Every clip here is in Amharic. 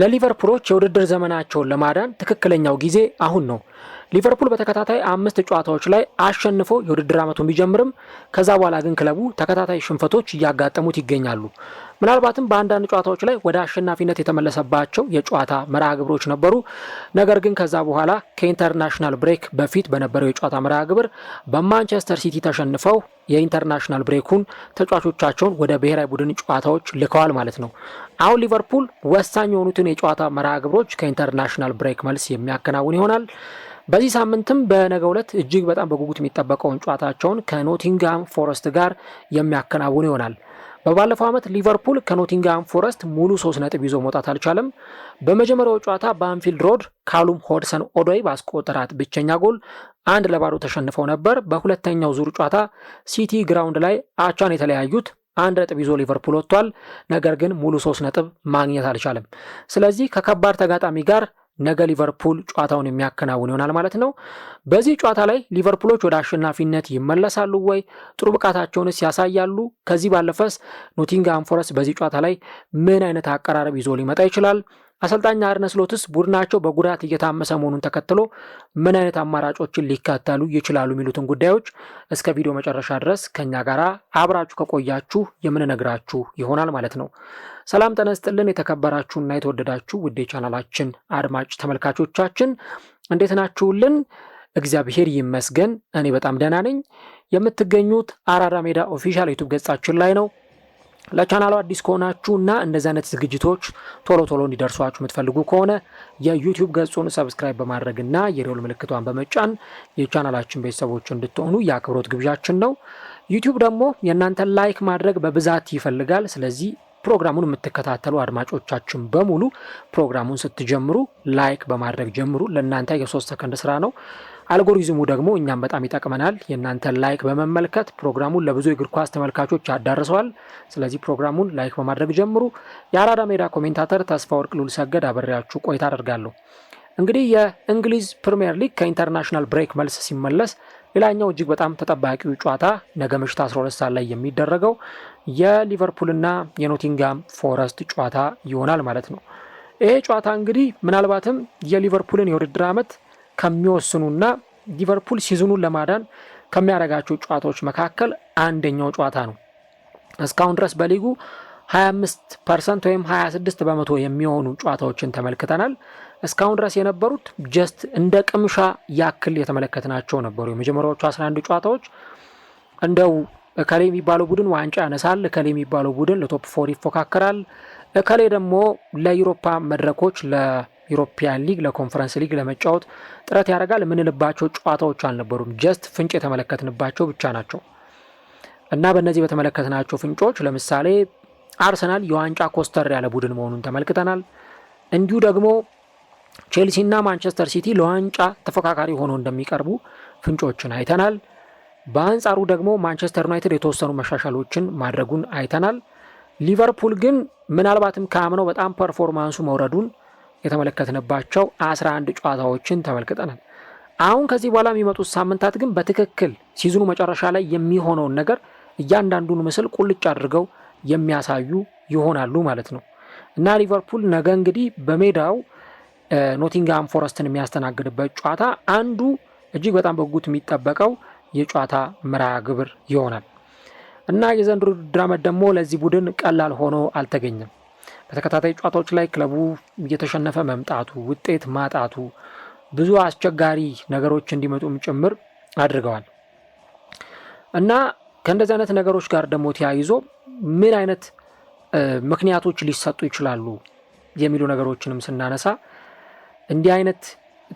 ለሊቨርፑሎች የውድድር ዘመናቸውን ለማዳን ትክክለኛው ጊዜ አሁን ነው። ሊቨርፑል በተከታታይ አምስት ጨዋታዎች ላይ አሸንፎ የውድድር ዓመቱን ቢጀምርም ከዛ በኋላ ግን ክለቡ ተከታታይ ሽንፈቶች እያጋጠሙት ይገኛሉ። ምናልባትም በአንዳንድ ጨዋታዎች ላይ ወደ አሸናፊነት የተመለሰባቸው የጨዋታ መርሃ ግብሮች ነበሩ። ነገር ግን ከዛ በኋላ ከኢንተርናሽናል ብሬክ በፊት በነበረው የጨዋታ መርሃ ግብር በማንቸስተር ሲቲ ተሸንፈው የኢንተርናሽናል ብሬኩን ተጫዋቾቻቸውን ወደ ብሔራዊ ቡድን ጨዋታዎች ልከዋል ማለት ነው። አሁን ሊቨርፑል ወሳኝ የሆኑትን የጨዋታ መርሃ ግብሮች ከኢንተርናሽናል ብሬክ መልስ የሚያከናውን ይሆናል። በዚህ ሳምንትም በነገው ዕለት እጅግ በጣም በጉጉት የሚጠበቀውን ጨዋታቸውን ከኖቲንግሃም ፎረስት ጋር የሚያከናውን ይሆናል። በባለፈው ዓመት ሊቨርፑል ከኖቲንግሃም ፎረስት ሙሉ ሶስት ነጥብ ይዞ መውጣት አልቻለም። በመጀመሪያው ጨዋታ በአንፊልድ ሮድ ካሉም ሆድሰን ኦዶይ ባስቆጠራት ብቸኛ ጎል አንድ ለባዶ ተሸንፈው ነበር። በሁለተኛው ዙር ጨዋታ ሲቲ ግራውንድ ላይ አቻን የተለያዩት አንድ ነጥብ ይዞ ሊቨርፑል ወጥቷል። ነገር ግን ሙሉ ሶስት ነጥብ ማግኘት አልቻለም። ስለዚህ ከከባድ ተጋጣሚ ጋር ነገ ሊቨርፑል ጨዋታውን የሚያከናውን ይሆናል ማለት ነው። በዚህ ጨዋታ ላይ ሊቨርፑሎች ወደ አሸናፊነት ይመለሳሉ ወይ? ጥሩ ብቃታቸውንስ ያሳያሉ? ከዚህ ባለፈስ ኖቲንግሃም ፎረስት በዚህ ጨዋታ ላይ ምን አይነት አቀራረብ ይዞ ሊመጣ ይችላል? አሰልጣኝ አርነ ስሎትስ ቡድናቸው በጉዳት እየታመሰ መሆኑን ተከትሎ ምን አይነት አማራጮችን ሊከተሉ ይችላሉ የሚሉትን ጉዳዮች እስከ ቪዲዮ መጨረሻ ድረስ ከኛ ጋር አብራችሁ ከቆያችሁ የምንነግራችሁ ይሆናል ማለት ነው። ሰላም ጤና የተከበራችሁና የተወደዳችሁ ውዴ ቻናላችን አድማጭ ተመልካቾቻችን እንዴት ናችሁልን? እግዚአብሔር ይመስገን እኔ በጣም ደህና ነኝ። የምትገኙት አራዳ ሜዳ ኦፊሻል ዩቱብ ገጻችን ላይ ነው። ለቻናሉ አዲስ ከሆናችሁ እና እንደዚህ አይነት ዝግጅቶች ቶሎ ቶሎ እንዲደርሷችሁ የምትፈልጉ ከሆነ የዩቲዩብ ገጹን ሰብስክራይብ በማድረግ እና የደወል ምልክቷን በመጫን የቻናላችን ቤተሰቦች እንድትሆኑ የአክብሮት ግብዣችን ነው። ዩቲዩብ ደግሞ የእናንተን ላይክ ማድረግ በብዛት ይፈልጋል። ስለዚህ ፕሮግራሙን የምትከታተሉ አድማጮቻችን በሙሉ ፕሮግራሙን ስትጀምሩ ላይክ በማድረግ ጀምሩ። ለእናንተ የሶስት ሰከንድ ስራ ነው። አልጎሪዝሙ ደግሞ እኛም በጣም ይጠቅመናል። የእናንተ ላይክ በመመልከት ፕሮግራሙን ለብዙ የእግር ኳስ ተመልካቾች ያዳርሰዋል። ስለዚህ ፕሮግራሙን ላይክ በማድረግ ጀምሩ። የአራዳ ሜዳ ኮሜንታተር ተስፋ ወርቅ ሉል ሰገድ አበሬያችሁ ቆይታ አደርጋለሁ። እንግዲህ የእንግሊዝ ፕሪምየር ሊግ ከኢንተርናሽናል ብሬክ መልስ ሲመለስ ሌላኛው እጅግ በጣም ተጠባቂው ጨዋታ ነገ ምሽት 12 ሰዓት ላይ የሚደረገው የሊቨርፑልና የኖቲንጋም ፎረስት ጨዋታ ይሆናል ማለት ነው። ይሄ ጨዋታ እንግዲህ ምናልባትም የሊቨርፑልን የውድድር ዓመት ከሚወስኑና ሊቨርፑል ሲዝኑን ለማዳን ከሚያደርጋቸው ጨዋታዎች መካከል አንደኛው ጨዋታ ነው። እስካሁን ድረስ በሊጉ 25 ፐርሰንት ወይም 26 በመቶ የሚሆኑ ጨዋታዎችን ተመልክተናል። እስካሁን ድረስ የነበሩት ጀስት እንደ ቅምሻ ያክል የተመለከትናቸው ነበሩ። የመጀመሪያዎቹ 11 ጨዋታዎች እንደው እከሌ የሚባለው ቡድን ዋንጫ ያነሳል፣ እከሌ የሚባለው ቡድን ለቶፕ ፎር ይፎካከራል፣ እከሌ ደግሞ ለዩሮፓ መድረኮች ለዩሮፒያን ሊግ፣ ለኮንፈረንስ ሊግ ለመጫወት ጥረት ያደርጋል የምንልባቸው ጨዋታዎች አልነበሩም። ጀስት ፍንጭ የተመለከትንባቸው ብቻ ናቸው እና በእነዚህ በተመለከትናቸው ፍንጮች ለምሳሌ አርሰናል የዋንጫ ኮስተር ያለ ቡድን መሆኑን ተመልክተናል። እንዲሁ ደግሞ ቼልሲና ማንቸስተር ሲቲ ለዋንጫ ተፎካካሪ ሆኖ እንደሚቀርቡ ፍንጮችን አይተናል። በአንጻሩ ደግሞ ማንቸስተር ዩናይትድ የተወሰኑ መሻሻሎችን ማድረጉን አይተናል። ሊቨርፑል ግን ምናልባትም ከአምነው በጣም ፐርፎርማንሱ መውረዱን የተመለከትንባቸው 11 ጨዋታዎችን ተመልክተናል። አሁን ከዚህ በኋላ የሚመጡት ሳምንታት ግን በትክክል ሲዝኑ መጨረሻ ላይ የሚሆነውን ነገር እያንዳንዱን ምስል ቁልጭ አድርገው የሚያሳዩ ይሆናሉ ማለት ነው እና ሊቨርፑል ነገ እንግዲህ በሜዳው ኖቲንግሃም ፎረስትን የሚያስተናግድበት ጨዋታ አንዱ እጅግ በጣም በጉት የሚጠበቀው የጨዋታ መርሃ ግብር ይሆናል እና የዘንድሮ ውድድር ዓመት ደግሞ ለዚህ ቡድን ቀላል ሆኖ አልተገኘም። በተከታታይ ጨዋታዎች ላይ ክለቡ እየተሸነፈ መምጣቱ፣ ውጤት ማጣቱ ብዙ አስቸጋሪ ነገሮች እንዲመጡም ጭምር አድርገዋል እና ከእንደዚህ አይነት ነገሮች ጋር ደግሞ ተያይዞ ምን አይነት ምክንያቶች ሊሰጡ ይችላሉ የሚሉ ነገሮችንም ስናነሳ እንዲህ አይነት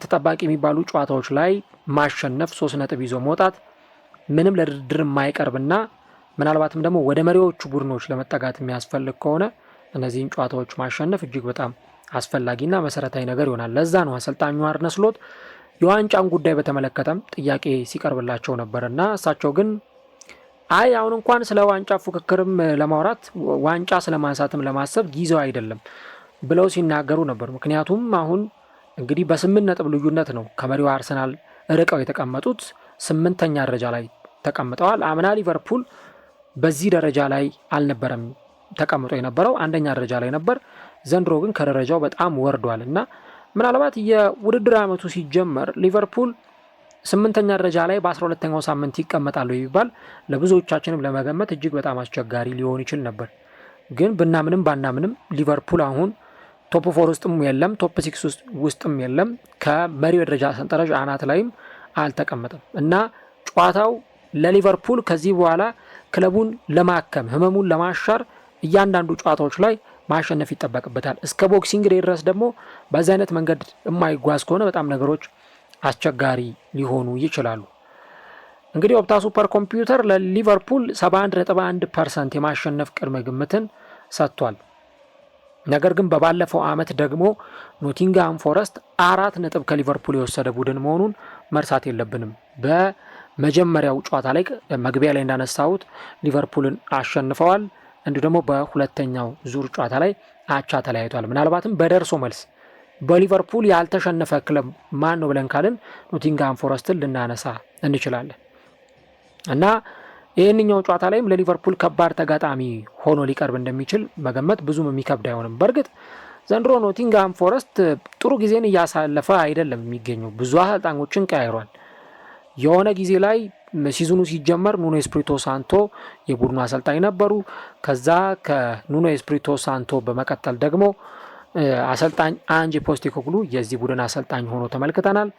ተጠባቂ የሚባሉ ጨዋታዎች ላይ ማሸነፍ፣ ሶስት ነጥብ ይዞ መውጣት ምንም ለድርድር የማይቀርብና ምናልባትም ደግሞ ወደ መሪዎቹ ቡድኖች ለመጠጋት የሚያስፈልግ ከሆነ እነዚህን ጨዋታዎች ማሸነፍ እጅግ በጣም አስፈላጊና መሰረታዊ ነገር ይሆናል። ለዛ ነው አሰልጣኙ አርነ ስሎት የዋንጫን ጉዳይ በተመለከተም ጥያቄ ሲቀርብላቸው ነበር እና እሳቸው ግን አይ አሁን እንኳን ስለ ዋንጫ ፉክክርም ለማውራት ዋንጫ ስለማንሳትም ለማሰብ ጊዜው አይደለም ብለው ሲናገሩ ነበር። ምክንያቱም አሁን እንግዲህ በስምንት ነጥብ ልዩነት ነው ከመሪው አርሰናል ርቀው የተቀመጡት። ስምንተኛ ደረጃ ላይ ተቀምጠዋል። አምና ሊቨርፑል በዚህ ደረጃ ላይ አልነበረም ተቀምጦ የነበረው አንደኛ ደረጃ ላይ ነበር። ዘንድሮ ግን ከደረጃው በጣም ወርዷል እና ምናልባት የውድድር ዓመቱ ሲጀመር ሊቨርፑል ስምንተኛ ደረጃ ላይ በ12ተኛው ሳምንት ይቀመጣሉ ይባል ለብዙዎቻችንም ለመገመት እጅግ በጣም አስቸጋሪ ሊሆን ይችል ነበር። ግን ብናምንም ባናምንም ሊቨርፑል አሁን ቶፕ ፎር ውስጥም የለም፣ ቶፕ ሲክስ ውስጥም የለም። ከመሪው የደረጃ ሰንጠረዥ አናት ላይም አልተቀመጠም እና ጨዋታው ለሊቨርፑል ከዚህ በኋላ ክለቡን ለማከም ህመሙን ለማሻር እያንዳንዱ ጨዋታዎች ላይ ማሸነፍ ይጠበቅበታል። እስከ ቦክሲንግ ዴይ ድረስ ደግሞ በዚህ አይነት መንገድ የማይጓዝ ከሆነ በጣም ነገሮች አስቸጋሪ ሊሆኑ ይችላሉ። እንግዲህ ኦፕታ ሱፐር ኮምፒውተር ለሊቨርፑል 71.1 ፐርሰንት የማሸነፍ ቅድመ ግምትን ሰጥቷል። ነገር ግን በባለፈው ዓመት ደግሞ ኖቲንግሃም ፎረስት አራት ነጥብ ከሊቨርፑል የወሰደ ቡድን መሆኑን መርሳት የለብንም። በመጀመሪያው ጨዋታ ላይ መግቢያ ላይ እንዳነሳሁት ሊቨርፑልን አሸንፈዋል። እንዲሁ ደግሞ በሁለተኛው ዙር ጨዋታ ላይ አቻ ተለያይቷል። ምናልባትም በደርሶ መልስ በሊቨርፑል ያልተሸነፈ ክለብ ማን ነው ብለን ካልን ኖቲንግሃም ፎረስትን ልናነሳ እንችላለን እና ይህንኛው ጨዋታ ላይም ለሊቨርፑል ከባድ ተጋጣሚ ሆኖ ሊቀርብ እንደሚችል መገመት ብዙም የሚከብድ አይሆንም። በእርግጥ ዘንድሮ ኖቲንግሃም ፎረስት ጥሩ ጊዜን እያሳለፈ አይደለም የሚገኙ ብዙ አሰልጣኞችን ቀያይሯል። የሆነ ጊዜ ላይ ሲዝኑ ሲጀመር ኑኖ ኤስፕሪቶ ሳንቶ የቡድኑ አሰልጣኝ ነበሩ። ከዛ ከኑኖ ኤስፕሪቶ ሳንቶ በመቀጠል ደግሞ አሰልጣኝ አንጅ ፖስቴኮግሉ የዚህ ቡድን አሰልጣኝ ሆኖ ተመልክተናል።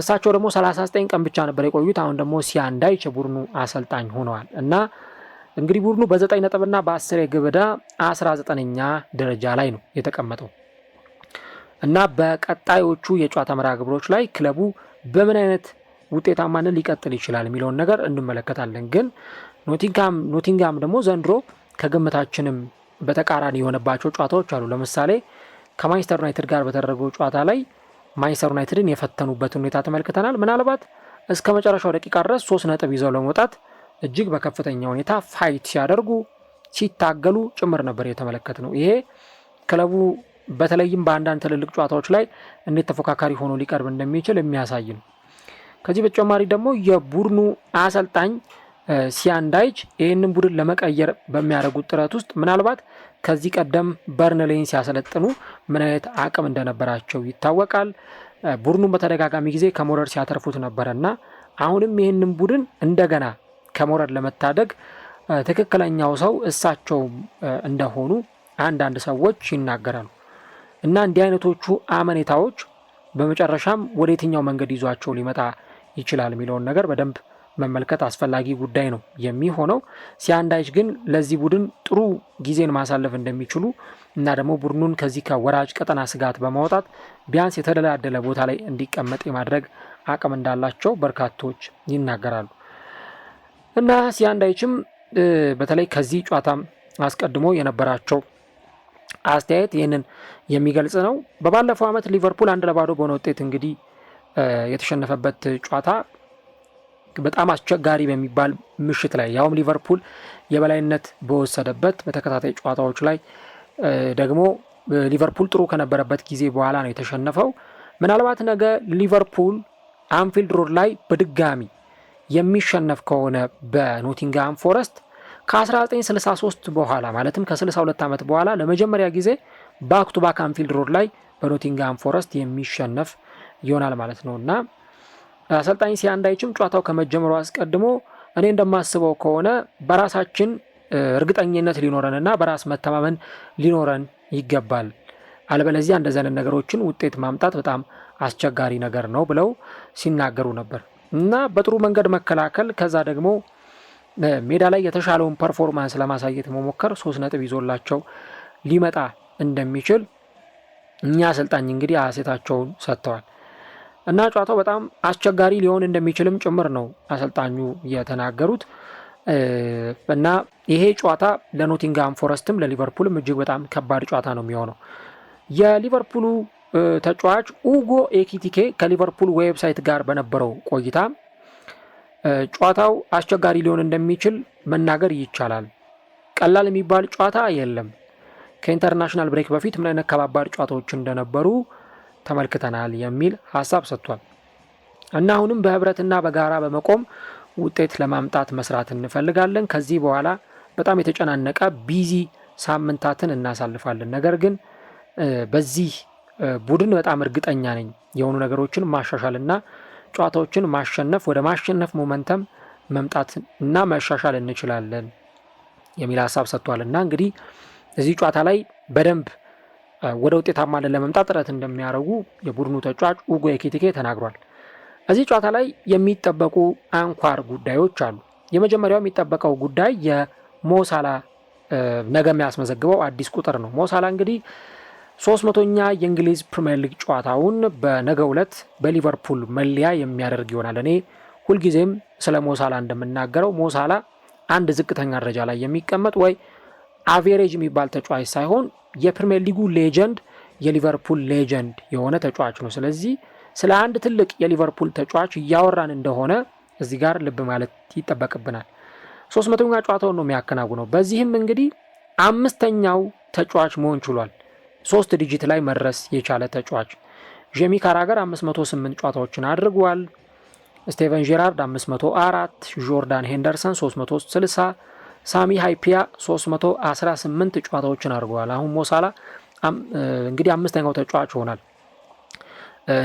እሳቸው ደግሞ 39 ቀን ብቻ ነበር የቆዩት። አሁን ደግሞ ሲያንዳይች ቡድኑ አሰልጣኝ ሆነዋል እና እንግዲህ ቡድኑ በ9 ነጥብና በ10 የግብ ዕዳ 19ኛ ደረጃ ላይ ነው የተቀመጠው እና በቀጣዮቹ የጨዋታ መርሃ ግብሮች ላይ ክለቡ በምን አይነት ውጤታማነት ሊቀጥል ይችላል የሚለውን ነገር እንመለከታለን። ግን ኖቲንጋም ደግሞ ዘንድሮ ከግምታችንም በተቃራኒ የሆነባቸው ጨዋታዎች አሉ። ለምሳሌ ከማንቸስተር ዩናይትድ ጋር በተደረገው ጨዋታ ላይ ማንቸስተር ዩናይትድን የፈተኑበት ሁኔታ ተመልክተናል። ምናልባት እስከ መጨረሻው ደቂቃ ድረስ ሶስት ነጥብ ይዘው ለመውጣት እጅግ በከፍተኛ ሁኔታ ፋይት ሲያደርጉ ሲታገሉ ጭምር ነበር የተመለከት ነው። ይሄ ክለቡ በተለይም በአንዳንድ ትልልቅ ጨዋታዎች ላይ እንዴት ተፎካካሪ ሆኖ ሊቀርብ እንደሚችል የሚያሳይ ነው። ከዚህ በተጨማሪ ደግሞ የቡድኑ አሰልጣኝ ሲያንዳይች ይህንን ቡድን ለመቀየር በሚያደርጉት ጥረት ውስጥ ምናልባት ከዚህ ቀደም በርንሌይን ሲያሰለጥኑ ምን አይነት አቅም እንደነበራቸው ይታወቃል። ቡድኑን በተደጋጋሚ ጊዜ ከሞረድ ሲያተርፉት ነበረ ና አሁንም ይህንን ቡድን እንደገና ከሞረድ ለመታደግ ትክክለኛው ሰው እሳቸው እንደሆኑ አንዳንድ ሰዎች ይናገራሉ። እና እንዲህ አይነቶቹ አመኔታዎች በመጨረሻም ወደ የትኛው መንገድ ይዟቸው ሊመጣ ይችላል የሚለውን ነገር በደንብ መመልከት አስፈላጊ ጉዳይ ነው የሚሆነው። ሲያንዳይች ግን ለዚህ ቡድን ጥሩ ጊዜን ማሳለፍ እንደሚችሉ እና ደግሞ ቡድኑን ከዚህ ከወራጅ ቀጠና ስጋት በማውጣት ቢያንስ የተደላደለ ቦታ ላይ እንዲቀመጥ የማድረግ አቅም እንዳላቸው በርካቶች ይናገራሉ እና ሲያንዳይችም በተለይ ከዚህ ጨዋታም አስቀድሞ የነበራቸው አስተያየት ይህንን የሚገልጽ ነው። በባለፈው ዓመት ሊቨርፑል አንድ ለባዶ በሆነ ውጤት እንግዲህ የተሸነፈበት ጨዋታ በጣም አስቸጋሪ በሚባል ምሽት ላይ ያውም ሊቨርፑል የበላይነት በወሰደበት በተከታታይ ጨዋታዎች ላይ ደግሞ ሊቨርፑል ጥሩ ከነበረበት ጊዜ በኋላ ነው የተሸነፈው። ምናልባት ነገ ሊቨርፑል አንፊልድ ሮድ ላይ በድጋሚ የሚሸነፍ ከሆነ በኖቲንግሃም ፎረስት ከ1963 በኋላ ማለትም ከ62 ዓመት በኋላ ለመጀመሪያ ጊዜ ባክ ባክ አንፊልድ ሮድ ላይ በኖቲንግሃም ፎረስት የሚሸነፍ ይሆናል ማለት ነው እና አሰልጣኝ ሲያንዳይችም ጨዋታው ከመጀመሩ አስቀድሞ እኔ እንደማስበው ከሆነ በራሳችን እርግጠኝነት ሊኖረንና በራስ መተማመን ሊኖረን ይገባል። አለበለዚያ እንደዚህ አይነት ነገሮችን ውጤት ማምጣት በጣም አስቸጋሪ ነገር ነው ብለው ሲናገሩ ነበር እና በጥሩ መንገድ መከላከል ከዛ ደግሞ ሜዳ ላይ የተሻለውን ፐርፎርማንስ ለማሳየት መሞከር ሶስት ነጥብ ይዞላቸው ሊመጣ እንደሚችል እኛ አሰልጣኝ እንግዲህ አሴታቸውን ሰጥተዋል። እና ጨዋታው በጣም አስቸጋሪ ሊሆን እንደሚችልም ጭምር ነው አሰልጣኙ የተናገሩት። እና ይሄ ጨዋታ ለኖቲንግሃም ፎረስትም ለሊቨርፑልም እጅግ በጣም ከባድ ጨዋታ ነው የሚሆነው። የሊቨርፑሉ ተጫዋች ኡጎ ኤኪቲኬ ከሊቨርፑል ዌብሳይት ጋር በነበረው ቆይታ ጨዋታው አስቸጋሪ ሊሆን እንደሚችል መናገር ይቻላል። ቀላል የሚባል ጨዋታ የለም። ከኢንተርናሽናል ብሬክ በፊት ምን አይነት ከባባድ ጨዋታዎች እንደነበሩ ተመልክተናል የሚል ሀሳብ ሰጥቷል። እና አሁንም በህብረትና በጋራ በመቆም ውጤት ለማምጣት መስራት እንፈልጋለን። ከዚህ በኋላ በጣም የተጨናነቀ ቢዚ ሳምንታትን እናሳልፋለን። ነገር ግን በዚህ ቡድን በጣም እርግጠኛ ነኝ የሆኑ ነገሮችን ማሻሻል ጨዋታዎችን ማሸነፍ ወደ ማሸነፍ ሞመንተም መምጣት እና መሻሻል እንችላለን የሚል ሀሳብ ሰጥቷል። እና እንግዲህ እዚህ ጨዋታ ላይ በደንብ ወደ ውጤታማነት ለመምጣት ጥረት እንደሚያደርጉ የቡድኑ ተጫዋች ኡጎ ኤኪቲኬ ተናግሯል። እዚህ ጨዋታ ላይ የሚጠበቁ አንኳር ጉዳዮች አሉ። የመጀመሪያው የሚጠበቀው ጉዳይ የሞሳላ ነገ የሚያስመዘግበው አዲስ ቁጥር ነው። ሞሳላ እንግዲህ ሶስት መቶኛ የእንግሊዝ ፕሪምየር ሊግ ጨዋታውን በነገ ዕለት በሊቨርፑል መለያ የሚያደርግ ይሆናል። እኔ ሁልጊዜም ስለ ሞሳላ እንደምናገረው ሞሳላ አንድ ዝቅተኛ ደረጃ ላይ የሚቀመጥ ወይ አቬሬጅ የሚባል ተጫዋች ሳይሆን የፕሪምየር ሊጉ ሌጀንድ፣ የሊቨርፑል ሌጀንድ የሆነ ተጫዋች ነው። ስለዚህ ስለ አንድ ትልቅ የሊቨርፑል ተጫዋች እያወራን እንደሆነ እዚህ ጋር ልብ ማለት ይጠበቅብናል። ሶስት መቶኛ ጨዋታውን ነው የሚያከናውነው። በዚህም እንግዲህ አምስተኛው ተጫዋች መሆን ችሏል። ሶስት ዲጂት ላይ መድረስ የቻለ ተጫዋች ጄሚ ካራገር 508 ጨዋታዎችን አድርጓል። ስቴቨን ጄራርድ 504፣ ጆርዳን ሄንደርሰን 360 ሳሚ ሃይፒያ 318 ጨዋታዎችን አድርገዋል። አሁን ሞሳላ እንግዲህ አምስተኛው ተጫዋች ይሆናል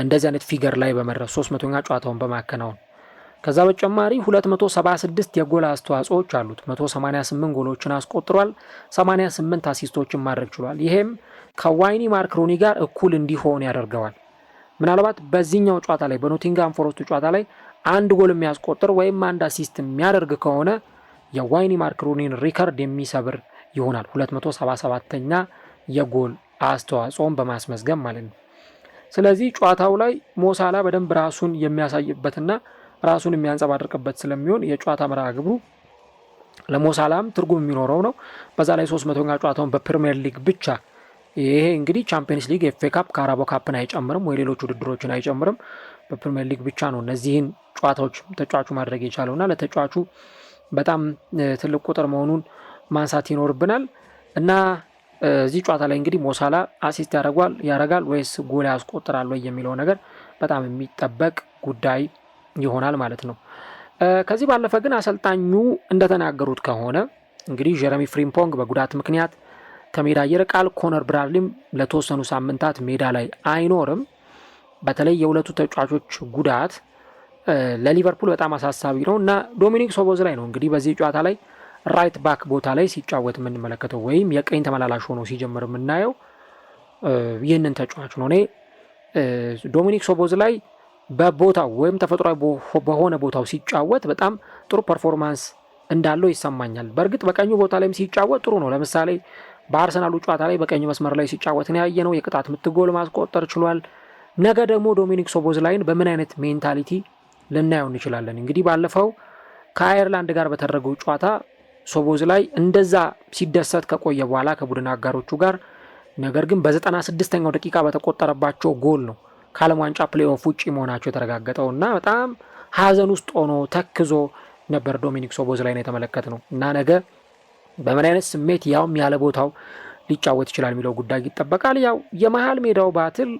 እንደዚህ አይነት ፊገር ላይ በመድረስ 300ኛ ጨዋታውን በማከናወን ከዛ በተጨማሪ 276 የጎል አስተዋጽኦዎች አሉት። 188 ጎሎችን አስቆጥሯል። 88 አሲስቶችን ማድረግ ችሏል። ይሄም ከዋይኒ ማርክ ሩኒ ጋር እኩል እንዲሆን ያደርገዋል። ምናልባት በዚህኛው ጨዋታ ላይ በኖቲንግሃም ፎረስቱ ጨዋታ ላይ አንድ ጎል የሚያስቆጥር ወይም አንድ አሲስት የሚያደርግ ከሆነ የዋይኒ ማርክ ሩኒን ሪከርድ የሚሰብር ይሆናል። 277ኛ የጎል አስተዋጽኦን በማስመዝገብ ማለት ነው። ስለዚህ ጨዋታው ላይ ሞሳላ በደንብ ራሱን የሚያሳይበትና ራሱን የሚያንጸባርቅበት ስለሚሆን የጨዋታ መርሃ ግብሩ ለሞሳላም ትርጉም የሚኖረው ነው። በዛ ላይ 300ኛ ጨዋታውን በፕሪምየር ሊግ ብቻ ይሄ እንግዲህ ቻምፒየንስ ሊግ፣ ኤፍ ኤ ካፕ፣ ካራቦ ካፕን አይጨምርም ወይ ሌሎች ውድድሮችን አይጨምርም። በፕሪምየር ሊግ ብቻ ነው እነዚህን ጨዋታዎች ተጫዋቹ ማድረግ የቻለውና ለተጫዋቹ በጣም ትልቅ ቁጥር መሆኑን ማንሳት ይኖርብናል እና እዚህ ጨዋታ ላይ እንግዲህ ሞሳላ አሲስት ያደርጓል ያደርጋል ወይስ ጎል ያስቆጥራል ወይ የሚለው ነገር በጣም የሚጠበቅ ጉዳይ ይሆናል ማለት ነው። ከዚህ ባለፈ ግን አሰልጣኙ እንደተናገሩት ከሆነ እንግዲህ ጀረሚ ፍሪምፖንግ በጉዳት ምክንያት ከሜዳ ይርቃል። ኮነር ብራድሊም ለተወሰኑ ሳምንታት ሜዳ ላይ አይኖርም። በተለይ የሁለቱ ተጫዋቾች ጉዳት ለሊቨርፑል በጣም አሳሳቢ ነው እና ዶሚኒክ ሶቦዝ ላይ ነው እንግዲህ በዚህ ጨዋታ ላይ ራይት ባክ ቦታ ላይ ሲጫወት የምንመለከተው ወይም የቀኝ ተመላላሽ ሆኖ ሲጀምር የምናየው ይህንን ተጫዋች ነው። እኔ ዶሚኒክ ሶቦዝ ላይ በቦታው ወይም ተፈጥሯዊ በሆነ ቦታው ሲጫወት በጣም ጥሩ ፐርፎርማንስ እንዳለው ይሰማኛል። በእርግጥ በቀኙ ቦታ ላይም ሲጫወት ጥሩ ነው። ለምሳሌ በአርሰናሉ ጨዋታ ላይ በቀኙ መስመር ላይ ሲጫወት ነው ያየ ነው። የቅጣት ምት ጎል ማስቆጠር ችሏል። ነገ ደግሞ ዶሚኒክ ሶቦዝ ላይን በምን አይነት ሜንታሊቲ ልናየው እንችላለን። እንግዲህ ባለፈው ከአየርላንድ ጋር በተደረገው ጨዋታ ሶቦዝ ላይ እንደዛ ሲደሰት ከቆየ በኋላ ከቡድን አጋሮቹ ጋር ነገር ግን በዘጠና ስድስተኛው ደቂቃ በተቆጠረባቸው ጎል ነው ከዓለም ዋንጫ ፕሌኦፍ ውጭ መሆናቸው የተረጋገጠው እና በጣም ሀዘን ውስጥ ሆኖ ተክዞ ነበር ዶሚኒክ ሶቦዝ ላይ ነው የተመለከት ነው እና ነገ በምን አይነት ስሜት ያውም ያለ ቦታው ሊጫወት ይችላል የሚለው ጉዳይ ይጠበቃል። ያው የመሀል ሜዳው ባትል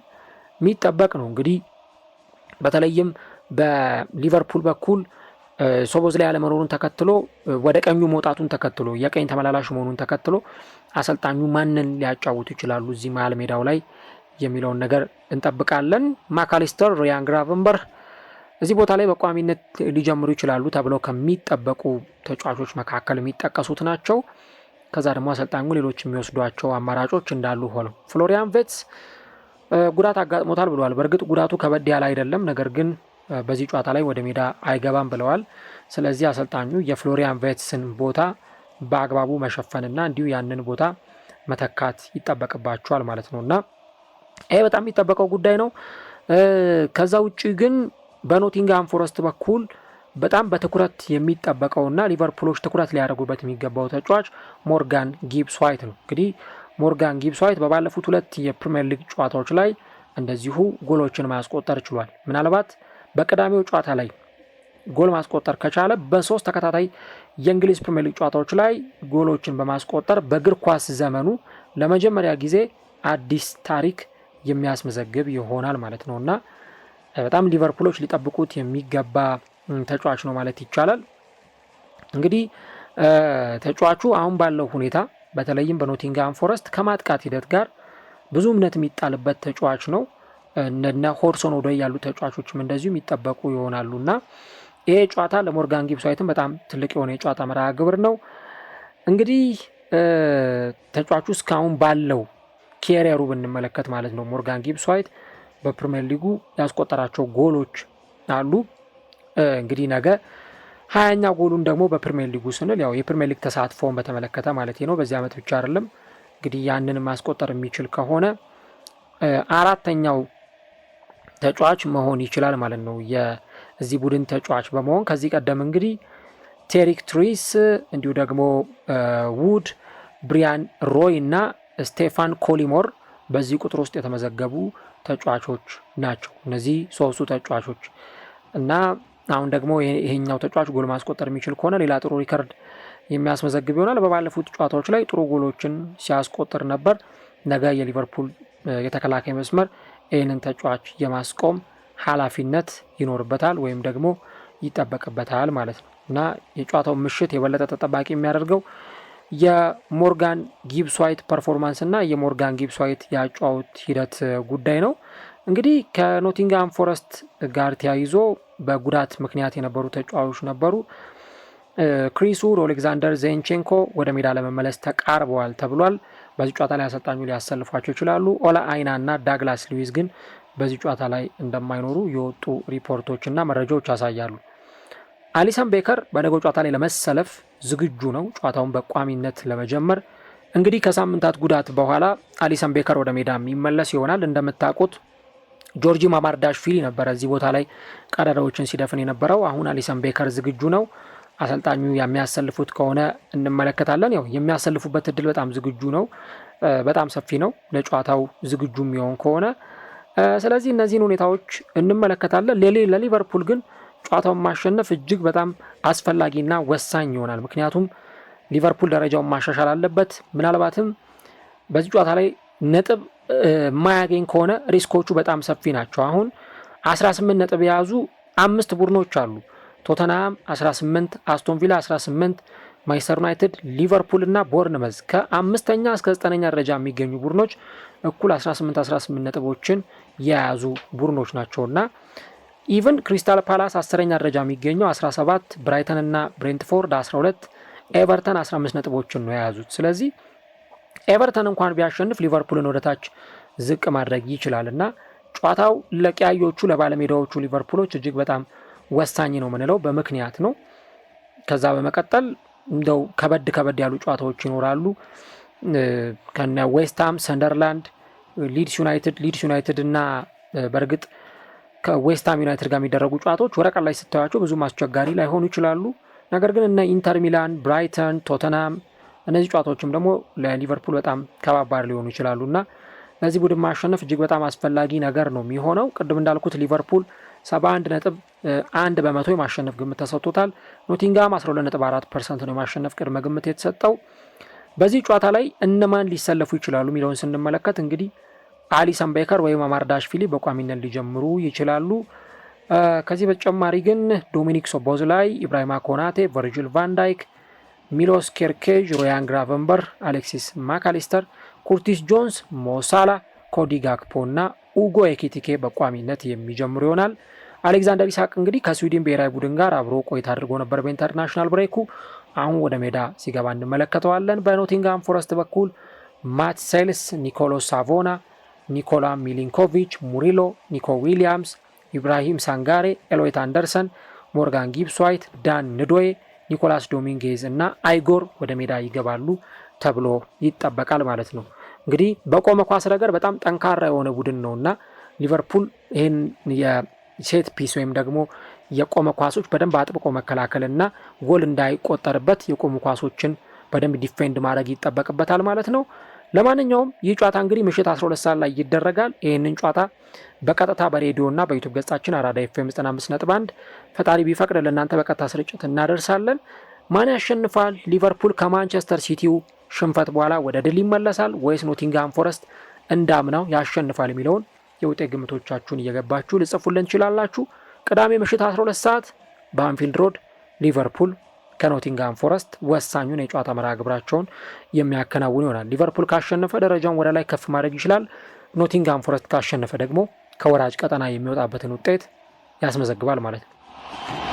የሚጠበቅ ነው እንግዲህ በተለይም በሊቨርፑል በኩል ሶቦዝ ላይ አለመኖሩን ተከትሎ ወደ ቀኙ መውጣቱን ተከትሎ የቀኝ ተመላላሽ መሆኑን ተከትሎ አሰልጣኙ ማንን ሊያጫውቱ ይችላሉ እዚህ መሀል ሜዳው ላይ የሚለውን ነገር እንጠብቃለን። ማካሊስተር፣ ሪያን እዚህ ቦታ ላይ በቋሚነት ሊጀምሩ ይችላሉ ተብለው ከሚጠበቁ ተጫዋቾች መካከል የሚጠቀሱት ናቸው። ከዛ ደግሞ አሰልጣኙ ሌሎች የሚወስዷቸው አማራጮች እንዳሉ ሆነው ፍሎሪያን ቬትስ ጉዳት አጋጥሞታል ብለዋል። በእርግጥ ጉዳቱ ከበድ ያለ አይደለም፣ ነገር ግን በዚህ ጨዋታ ላይ ወደ ሜዳ አይገባም ብለዋል። ስለዚህ አሰልጣኙ የፍሎሪያን ቬትስን ቦታ በአግባቡ መሸፈንና እንዲሁ ያንን ቦታ መተካት ይጠበቅባቸዋል ማለት ነው እና ይህ በጣም የሚጠበቀው ጉዳይ ነው። ከዛ ውጭ ግን በኖቲንግሃም ፎረስት በኩል በጣም በትኩረት የሚጠበቀውና ሊቨርፑሎች ትኩረት ሊያደርጉበት የሚገባው ተጫዋች ሞርጋን ጊብስ ዋይት ነው። እንግዲህ ሞርጋን ጊብስ ዋይት በባለፉት ሁለት የፕሪምየር ሊግ ጨዋታዎች ላይ እንደዚሁ ጎሎችን ማያስቆጠር ችሏል። ምናልባት በቅዳሜው ጨዋታ ላይ ጎል ማስቆጠር ከቻለ በሶስት ተከታታይ የእንግሊዝ ፕሪምየር ሊግ ጨዋታዎች ላይ ጎሎችን በማስቆጠር በእግር ኳስ ዘመኑ ለመጀመሪያ ጊዜ አዲስ ታሪክ የሚያስመዘግብ ይሆናል ማለት ነው እና በጣም ሊቨርፑሎች ሊጠብቁት የሚገባ ተጫዋች ነው ማለት ይቻላል። እንግዲህ ተጫዋቹ አሁን ባለው ሁኔታ በተለይም በኖቲንግሃም ፎረስት ከማጥቃት ሂደት ጋር ብዙ እምነት የሚጣልበት ተጫዋች ነው። እነ ሆርሶን ኦዶይ ያሉ ተጫዋቾችም እንደዚሁ የሚጠበቁ ይሆናሉ እና ይሄ ጨዋታ ለሞርጋን ጊብስ ዋይትም በጣም ትልቅ የሆነ የጨዋታ መርሃ ግብር ነው። እንግዲህ ተጫዋቹ እስካሁን ባለው ኬሪየሩ ብንመለከት ማለት ነው ሞርጋን ጊብስ ዋይት በፕሪምየር ሊጉ ያስቆጠራቸው ጎሎች አሉ። እንግዲህ ነገ ሀያኛ ጎሉን ደግሞ በፕሪምየር ሊጉ ስንል ያው የፕሪምየር ሊግ ተሳትፎውን በተመለከተ ማለት ነው በዚህ ዓመት ብቻ አይደለም እንግዲህ ያንን ማስቆጠር የሚችል ከሆነ አራተኛው ተጫዋች መሆን ይችላል ማለት ነው። የዚህ ቡድን ተጫዋች በመሆን ከዚህ ቀደም እንግዲህ ቴሪክ ትሪስ እንዲሁ ደግሞ ውድ፣ ብሪያን ሮይ እና ስቴፋን ኮሊሞር በዚህ ቁጥር ውስጥ የተመዘገቡ ተጫዋቾች ናቸው። እነዚህ ሶስቱ ተጫዋቾች እና አሁን ደግሞ ይሄኛው ተጫዋች ጎል ማስቆጠር የሚችል ከሆነ ሌላ ጥሩ ሪከርድ የሚያስመዘግብ ይሆናል። በባለፉት ጨዋታዎች ላይ ጥሩ ጎሎችን ሲያስቆጥር ነበር። ነገ የሊቨርፑል የተከላካይ መስመር ይህንን ተጫዋች የማስቆም ኃላፊነት ይኖርበታል ወይም ደግሞ ይጠበቅበታል ማለት ነው እና የጨዋታው ምሽት የበለጠ ተጠባቂ የሚያደርገው የሞርጋን ጊብስ ዋይት ፐርፎርማንስ እና የሞርጋን ጊብስ ዋይት የአጨዋወት ሂደት ጉዳይ ነው። እንግዲህ ከኖቲንግሃም ፎረስት ጋር ተያይዞ በጉዳት ምክንያት የነበሩ ተጫዋቾች ነበሩ። ክሪስ ውድ፣ ኦሌክዛንደር ዜንቼንኮ ወደ ሜዳ ለመመለስ ተቃርበዋል ተብሏል። በዚህ ጨዋታ ላይ አሰልጣኙ ሊያሰልፏቸው ይችላሉ። ኦላ አይና እና ዳግላስ ሉዊዝ ግን በዚህ ጨዋታ ላይ እንደማይኖሩ የወጡ ሪፖርቶችና መረጃዎች ያሳያሉ። አሊሰን ቤከር በነገው ጨዋታ ላይ ለመሰለፍ ዝግጁ ነው፣ ጨዋታውን በቋሚነት ለመጀመር እንግዲህ ከሳምንታት ጉዳት በኋላ አሊሰን ቤከር ወደ ሜዳ የሚመለስ ይሆናል። እንደምታውቁት ጆርጂ ማማርዳሽቪሊ ነበረ እዚህ ቦታ ላይ ቀዳዳዎችን ሲደፍን የነበረው። አሁን አሊሰን ቤከር ዝግጁ ነው። አሰልጣኙ የሚያሰልፉት ከሆነ እንመለከታለን። ያው የሚያሰልፉበት እድል በጣም ዝግጁ ነው፣ በጣም ሰፊ ነው። ለጨዋታው ዝግጁ የሚሆን ከሆነ ስለዚህ እነዚህን ሁኔታዎች እንመለከታለን። ለሊቨርፑል ግን ጨዋታውን ማሸነፍ እጅግ በጣም አስፈላጊና ወሳኝ ይሆናል። ምክንያቱም ሊቨርፑል ደረጃውን ማሻሻል አለበት። ምናልባትም በዚህ ጨዋታ ላይ ነጥብ የማያገኝ ከሆነ ሪስኮቹ በጣም ሰፊ ናቸው። አሁን 18 ነጥብ የያዙ አምስት ቡድኖች አሉ። ቶተንሃም 18፣ አስቶን ቪላ 18፣ ማንቸስተር ዩናይትድ፣ ሊቨርፑል እና ቦርንመዝ ከአምስተኛ እስከ ዘጠነኛ ደረጃ የሚገኙ ቡድኖች እኩል 18 18 ነጥቦችን የያዙ ቡድኖች ናቸውና ኢቨን ክሪስታል ፓላስ አስረኛ ደረጃ የሚገኘው 17፣ ብራይተን እና ብሬንትፎርድ 12፣ ኤቨርተን 15 ነጥቦችን ነው የያዙት። ስለዚህ ኤቨርተን እንኳን ቢያሸንፍ ሊቨርፑልን ወደታች ዝቅ ማድረግ ይችላል እና ጨዋታው ለቀያዮቹ ለባለሜዳዎቹ ሊቨርፑሎች እጅግ በጣም ወሳኝ ነው ምንለው በምክንያት ነው። ከዛ በመቀጠል እንደው ከበድ ከበድ ያሉ ጨዋታዎች ይኖራሉ ከነ ዌስትሃም፣ ሰንደርላንድ፣ ሊድስ ዩናይትድ ሊድስ ዩናይትድ እና በእርግጥ ከዌስትሃም ዩናይትድ ጋር የሚደረጉ ጨዋታዎች ወረቀት ላይ ስታያቸው ብዙም አስቸጋሪ ላይሆኑ ይችላሉ። ነገር ግን እነ ኢንተር ሚላን፣ ብራይተን፣ ቶተናም እነዚህ ጨዋታዎችም ደግሞ ለሊቨርፑል በጣም ከባባድ ሊሆኑ ይችላሉ እና ለዚህ ቡድን ማሸነፍ እጅግ በጣም አስፈላጊ ነገር ነው የሚሆነው። ቅድም እንዳልኩት ሊቨርፑል 71 ነጥብ አንድ በመቶ የማሸነፍ ግምት ተሰጥቶታል። ኖቲንጋም 12.4 ፐርሰንት ነው የማሸነፍ ቅድመ ግምት የተሰጠው። በዚህ ጨዋታ ላይ እነማን ሊሰለፉ ይችላሉ የሚለውን ስንመለከት እንግዲህ አሊሰን ቤከር ወይም ፊሊ በቋሚነት ሊጀምሩ ይችላሉ። ከዚህ በተጨማሪ ግን ዶሚኒክ ሶቦዝላይ፣ ኢብራሂማ ኮናቴ፣ ቨርጂል ቫንዳይክ፣ ሚሎስ ኬርኬጅ፣ ሮያን ግራቨንበር፣ አሌክሲስ ማካሊስተር፣ ኩርቲስ ጆንስ፣ ሞሳላ ኮዲ ጋክፖ እና ኡጎ ኤኪቲኬ በቋሚነት የሚጀምሩ ይሆናል። አሌክዛንደር ኢሳቅ እንግዲህ ከስዊድን ብሔራዊ ቡድን ጋር አብሮ ቆይታ አድርጎ ነበር በኢንተርናሽናል ብሬኩ። አሁን ወደ ሜዳ ሲገባ እንመለከተዋለን። በኖቲንግሃም ፎረስት በኩል ማት ሴልስ፣ ኒኮሎ ሳቮና፣ ኒኮላ ሚሊንኮቪች፣ ሙሪሎ፣ ኒኮ ዊሊያምስ፣ ኢብራሂም ሳንጋሬ፣ ኤሎይት አንደርሰን፣ ሞርጋን ጊብስዋይት፣ ዳን ንዶዬ፣ ኒኮላስ ዶሚንጌዝ እና አይጎር ወደ ሜዳ ይገባሉ ተብሎ ይጠበቃል ማለት ነው። እንግዲህ በቆመ ኳስ ረገድ በጣም ጠንካራ የሆነ ቡድን ነው እና ሊቨርፑል ይህን የሴት ፒስ ወይም ደግሞ የቆመ ኳሶች በደንብ አጥብቆ መከላከል እና ጎል እንዳይቆጠርበት የቆሙ ኳሶችን በደንብ ዲፌንድ ማድረግ ይጠበቅበታል ማለት ነው። ለማንኛውም ይህ ጨዋታ እንግዲህ ምሽት 12 ሰዓት ላይ ይደረጋል። ይህንን ጨዋታ በቀጥታ በሬዲዮ ና በዩቱብ ገጻችን አራዳ ኤፍ ኤም 95 ነጥብ 1 ፈጣሪ ቢፈቅድ ለእናንተ በቀጥታ ስርጭት እናደርሳለን። ማን ያሸንፋል? ሊቨርፑል ከማንቸስተር ሲቲው ሽንፈት በኋላ ወደ ድል ይመለሳል ወይስ ኖቲንግሃም ፎረስት እንዳምናው ያሸንፋል የሚለውን የውጤት ግምቶቻችሁን እየገባችሁ ልጽፉልን ትችላላችሁ። ቅዳሜ ምሽት 12 ሰዓት በአንፊልድ ሮድ ሊቨርፑል ከኖቲንግሃም ፎረስት ወሳኙን የጨዋታ መርሃ ግብራቸውን የሚያከናውን ይሆናል። ሊቨርፑል ካሸነፈ ደረጃውን ወደ ላይ ከፍ ማድረግ ይችላል። ኖቲንግሃም ፎረስት ካሸነፈ ደግሞ ከወራጅ ቀጠና የሚወጣበትን ውጤት ያስመዘግባል ማለት ነው።